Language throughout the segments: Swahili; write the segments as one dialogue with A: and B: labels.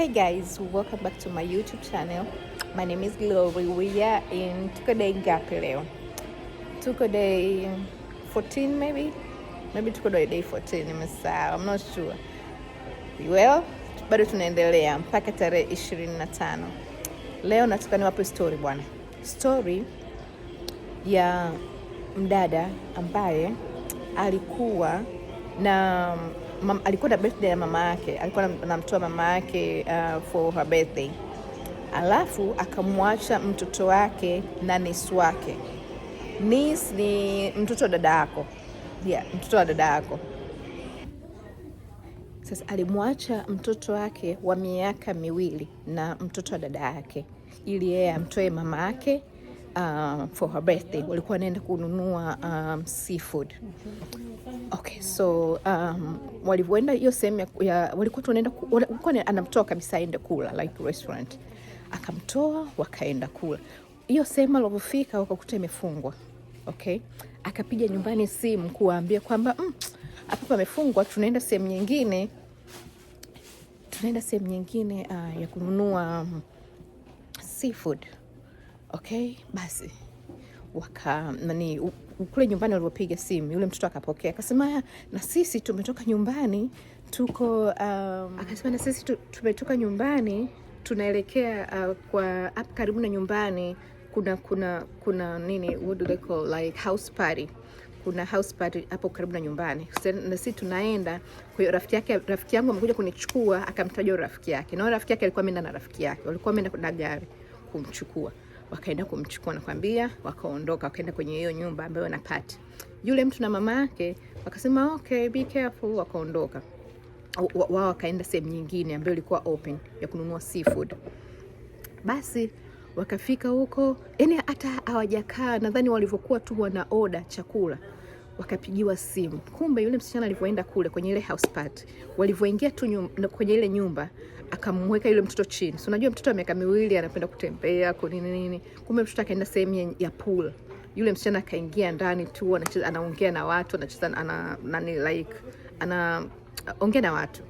A: Hey guys, welcome back to my YouTube channel. My name is Glory. We are in tuko day ngapi leo? Tuko day 14 maybe? Maybe tuko day 14, I'm not sure. Well, bado tunaendelea mpaka tarehe 25. Leo nataka niwape story bwana. Story ya mdada ambaye alikuwa na mam, alikuwa na birthday ya mama yake, alikuwa anamtoa mama yake uh, for her birthday, alafu akamwacha mtoto wake na nisi wake. Nisi ni mtoto wa dada yako, yeah, mtoto wa dada yako. Sasa alimwacha mtoto wake wa miaka miwili na mtoto wa dada yake ili yeye amtoe mama yake uh, for her birthday walikuwa naenda kununua um, seafood. Okay, so um, walivyoenda hiyo sehemu ya walikuwa tunaenda walikuwa anamtoa kabisa aende kula like restaurant, akamtoa wakaenda kula hiyo sehemu alivyofika wakakuta imefungwa. Okay, akapiga nyumbani simu kuwaambia kwamba mm, hapa pamefungwa, tunaenda sehemu nyingine, tunaenda sehemu nyingine uh, ya kununua um, seafood Okay, basi waka nani kule nyumbani walipopiga simu, yule mtoto akapokea, akasema na sisi tumetoka nyumbani tuko um, akasema na sisi tu, tumetoka nyumbani tunaelekea uh, kwa up karibu na nyumbani kuna kuna kuna nini, what do they call like house party kuna house party hapo karibu na nyumbani na sisi tunaenda. Kwa hiyo rafiki yake rafiki yangu amekuja kunichukua, akamtaja rafiki yake, na rafiki yake alikuwa ameenda na rafiki yake, walikuwa wameenda na gari kumchukua wakaenda kumchukua nakwambia, wakaondoka wakaenda kwenye hiyo nyumba ambayo wanapati yule mtu na mama yake, wakasema okay, be careful, wakaondoka wao, wakaenda sehemu nyingine ambayo ilikuwa open ya kununua seafood. Basi wakafika huko, yani hata hawajakaa, nadhani walivyokuwa tu wana oda chakula wakapigiwa simu. Kumbe yule msichana alivyoenda kule kwenye ile house party, walivyoingia tu nyumba, kwenye ile nyumba akamweka yule mtoto chini. So unajua mtoto wa miaka miwili anapenda kutembea kwa nini nini. Kumbe mtoto akaenda sehemu ya pool, yule msichana akaingia ndani tu, anacheza, anaongea na watu, anacheza, ana nani like ana ongea na watu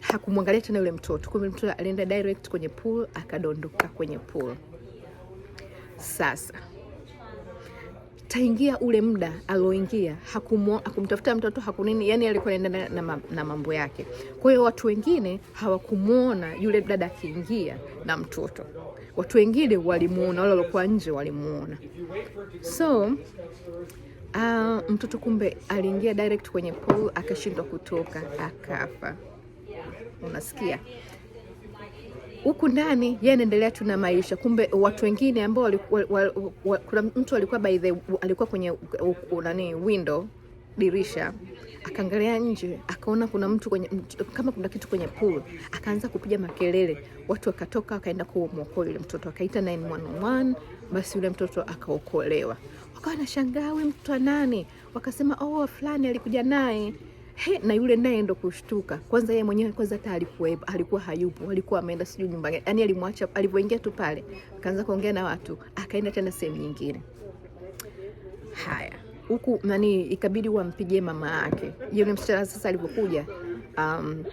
A: hakumwangalia tena yule mtoto. Kumbe mtoto alienda direct kwenye pool, akadondoka kwenye pool. Sasa taingia ule muda alioingia, hakumtafuta mtoto hakunini, yani alikuwa anaenda na, na mambo yake. Kwa hiyo watu wengine hawakumwona yule dada akiingia na mtoto, watu wengine walimuona, wale waliokuwa nje walimuona. So uh, mtoto kumbe aliingia direct kwenye pool akashindwa kutoka akafa. Unasikia? huku ndani yeye anaendelea tu na maisha. Kumbe watu wengine ambao kuna mtu alikuwa by the alikuwa kwenye nani window dirisha akaangalia nje akaona kuna mtu kwenye, kama kuna kitu kwenye pool, akaanza kupiga makelele. Watu wakatoka wakaenda kumwokoa yule mtoto, akaita 911 basi yule mtoto akaokolewa. Wakawa nashangaa we mtoto wa nani? Wakasema oh, fulani alikuja naye He, na yule naye ndo kushtuka kwanza, yeye mwenyewe kwanza hata alikuwepo, alikuwa hayupo, alikuwa ameenda sijui nyumba gani, yani alimwacha alipoingia tu pale, akaanza kuongea na watu, akaenda tena sehemu nyingine. Haya, huku nani, ikabidi wampigie mama yake yule msichana. Sasa alipokuja um,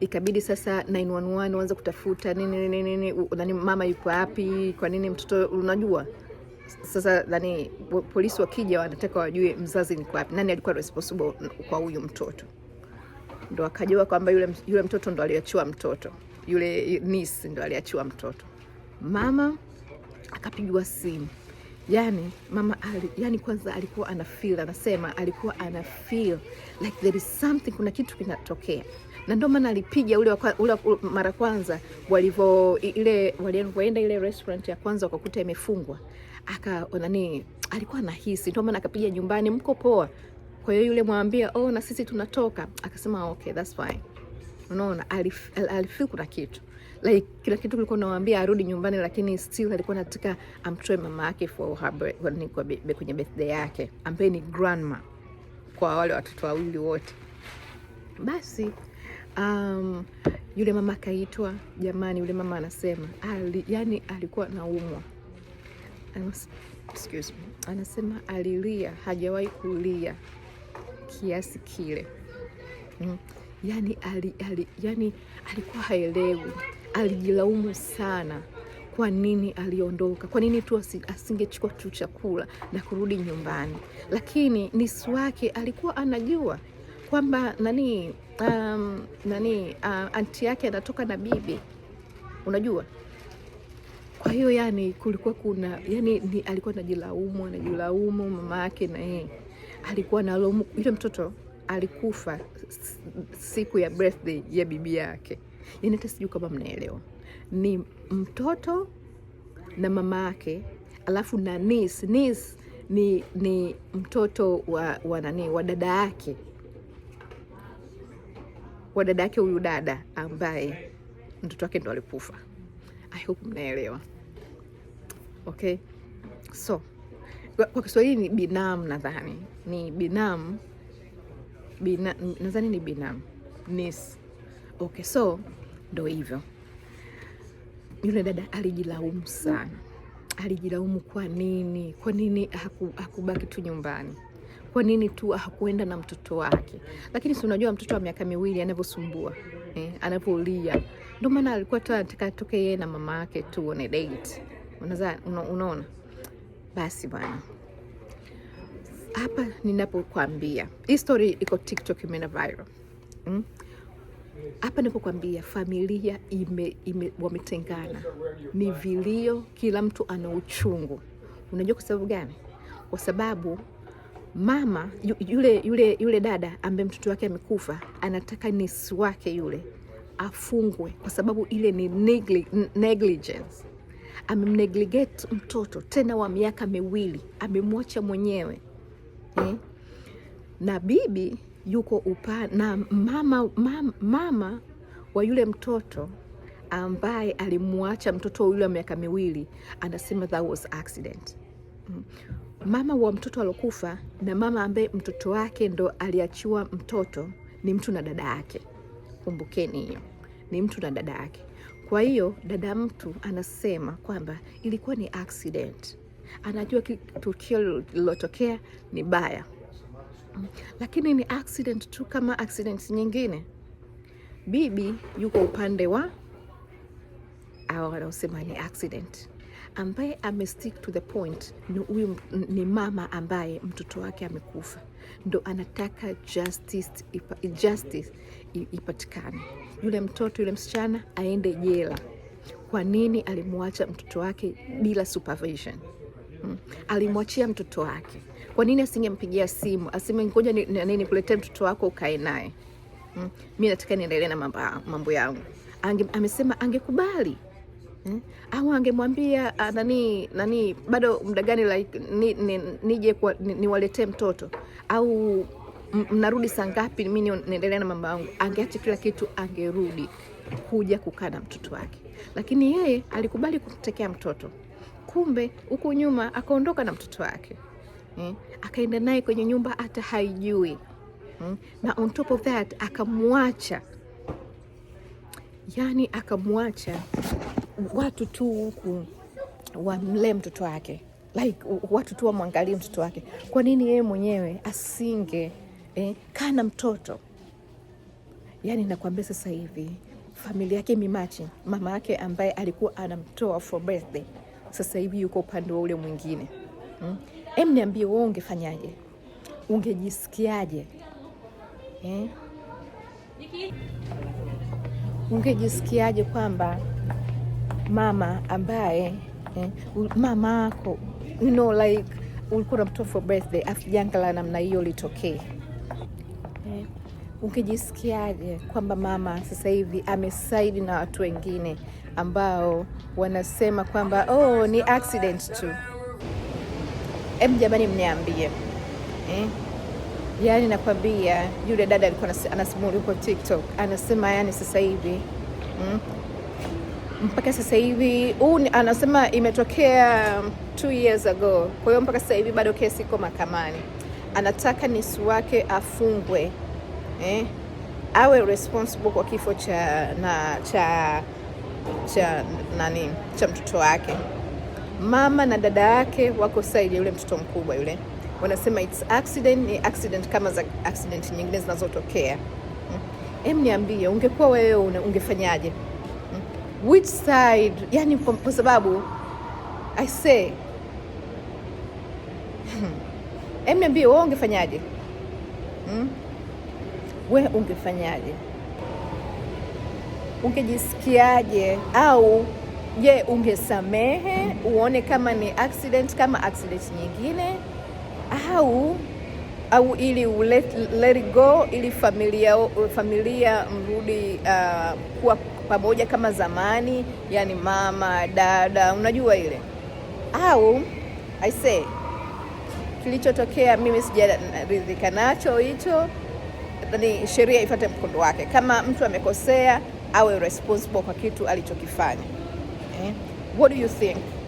A: ikabidi sasa 911 uanze kutafuta nini nini nini, nani, mama yuko wapi? Kwa nini mtoto, unajua sasa nani, polisi wakija wanataka wajue mzazi ni wapi, nani alikuwa responsible kwa huyu mtoto, ndo akajua kwamba yule, yule mtoto ndo aliachiwa mtoto yule niece ndo aliachiwa mtoto. Mama akapigwa simu, yani mama ali, yani kwanza alikuwa ana feel, anasema alikuwa ana feel like there is something, kuna kitu kinatokea na ndio maana alipiga ule, ule mara kwanza walivyo ile walienda ile restaurant ya kwanza wakakuta imefungwa, aka oh, nani alikuwa anahisi, ndio maana akapiga nyumbani, mko poa? Kwa hiyo yule mwambia, oh, na sisi tunatoka. Akasema okay, that's fine. Unaona, alifeel kuna kitu like kila kitu kilikuwa nawaambia arudi nyumbani, lakini still alikuwa anataka amtoe mama yake for her be, kwenye birthday yake ambaye ni grandma kwa wale watoto wawili wote. Basi um, yule mama akaitwa. Jamani, yule mama anasema ali, yani alikuwa naumwa excuse me, anasema alilia, hajawahi kulia kiasi kile mm. Yani, ali, ali, yani alikuwa haelewi, alijilaumu sana kwa nini aliondoka, kwa nini tu asingechukua tu chakula na kurudi nyumbani, lakini nisi wake alikuwa anajua kwamba nani, um, nani uh, anti yake anatoka na bibi, unajua kwa hiyo yani kulikuwa kuna yani ni, alikuwa anajilaumu anajilaumu mama yake na yeye alikuwa analaumu yule mtoto alikufa siku ya birthday ya bibi yake. Yani hata sijui kama mnaelewa, ni mtoto na mama yake alafu na niece. Niece ni ni mtoto wa, wa nani wa dada yake wa dada yake huyu dada ambaye mtoto wake ndo alikufa. I hope mnaelewa. Okay, so kwa Kiswahili ni binamu, nadhani ni binamu, nadhani ni binamu niece. Okay, so ndo hivyo. Yule dada alijilaumu sana, alijilaumu kwa nini, kwa nini hakubaki tu nyumbani kwa nini tu hakuenda na mtoto wake? Lakini si unajua mtoto wa miaka miwili anavyosumbua eh, anavyolia ndio maana alikuwa tu anataka atoke yeye na mama yake tu on a date. Unaza, unaona? Basi bwana. Hapa ninapokuambia hii story iko TikTok imeenda viral. Mm? Hapa ninapokuambia familia ime, ime wametengana. Ni vilio, kila mtu ana uchungu. Unajua kwa sababu gani? Kwa sababu mama yule, yule, yule dada ambaye mtoto wake amekufa anataka nesi wake yule afungwe kwa sababu ile ni negligence. Amemnegligate mtoto tena wa miaka miwili, amemwacha mwenyewe eh? na bibi yuko upa na mama, mama, mama wa yule mtoto ambaye alimwacha mtoto yule wa miaka miwili anasema that was accident. Mm. Mama wa mtoto alokufa na mama ambaye mtoto wake ndo aliachiwa mtoto ni mtu na dada yake. Kumbukeni hiyo ni mtu na dada yake. Kwa hiyo dada mtu anasema kwamba ilikuwa ni accident, anajua tukio lililotokea ni baya, lakini ni accident tu kama accident nyingine. Bibi yuko upande wa au wanaosema ni accident ambaye ame stick to the point ni huyu, ni mama ambaye mtoto wake amekufa, ndo anataka justice, ipa, justice ipatikane yule mtoto yule msichana aende jela. Kwa nini alimwacha mtoto wake bila supervision? Hmm. Alimwachia mtoto wake. Kwa nini asingempigia simu aseme ngoja nikuletee mtoto wako ukae naye? Hmm. Mi nataka niendelee na mambo yangu. Ange, amesema angekubali hmm? Au angemwambia ah, nani nani, bado muda gani like, nije niwaletee ni, ni mtoto au mnarudi saa ngapi, mimi naendelea na mambo yangu. Angeacha kila kitu, angerudi kuja kukaa na mtoto wake, lakini yeye alikubali kumtekea mtoto. Kumbe huku nyuma akaondoka na mtoto wake eh, akaenda naye kwenye nyumba hata haijui hmm? na on top of that akamwacha, yani akamwacha watu tu huku wamlee mtoto wake like watu tu wamwangalie mtoto wake. Kwa nini yeye mwenyewe asinge eh, kaa na mtoto yani, nakwambia sasa hivi familia yake mimachi, mama yake ambaye alikuwa anamtoa for birthday sasa hivi yuko upande wa ule mwingine hmm? Em, niambie wewe ungefanyaje? Ungejisikiaje eh? Ungejisikiaje kwamba mama ambaye eh, mama yako you know, like ulikuwa unamtoa for birthday afu janga la namna hiyo litokee? Eh, ukijisikiaje kwamba mama sasa hivi amesaidi na watu wengine ambao wanasema kwamba oh, ni accident tu? Hebu jamani, mniambie eh? Yaani nakwambia yule dada alikuwa anasimuli huko TikTok, anasema yani sasa hivi mm, mpaka sasa hivi huu anasema imetokea two years ago, kwa hiyo mpaka sasa hivi bado kesi iko mahakamani anataka nesi wake afungwe eh, awe responsible kwa kifo cha na, cha cha nani cha mtoto wake. Mama na dada yake wako side ya yule mtoto mkubwa yule, wanasema it's accident, ni accident kama za accident nyingine zinazotokea. Mm. Em, niambie, ungekuwa wewe ungefanyaje? Mm. Which side? Yani kwa sababu I say hmm, hem niambie wewe ungefanyaje? Hmm? We ungefanyaje? Ungejisikiaje? Au je, ungesamehe uone kama ni accident kama accident nyingine, au au ili let, let it go ili familia familia mrudi uh, kuwa pamoja kama zamani, yani mama dada, unajua ile au I say kilichotokea mimi sijaridhika nacho hicho, ni sheria ifuate mkondo wake. Kama mtu amekosea awe responsible kwa kitu alichokifanya eh? What do you think?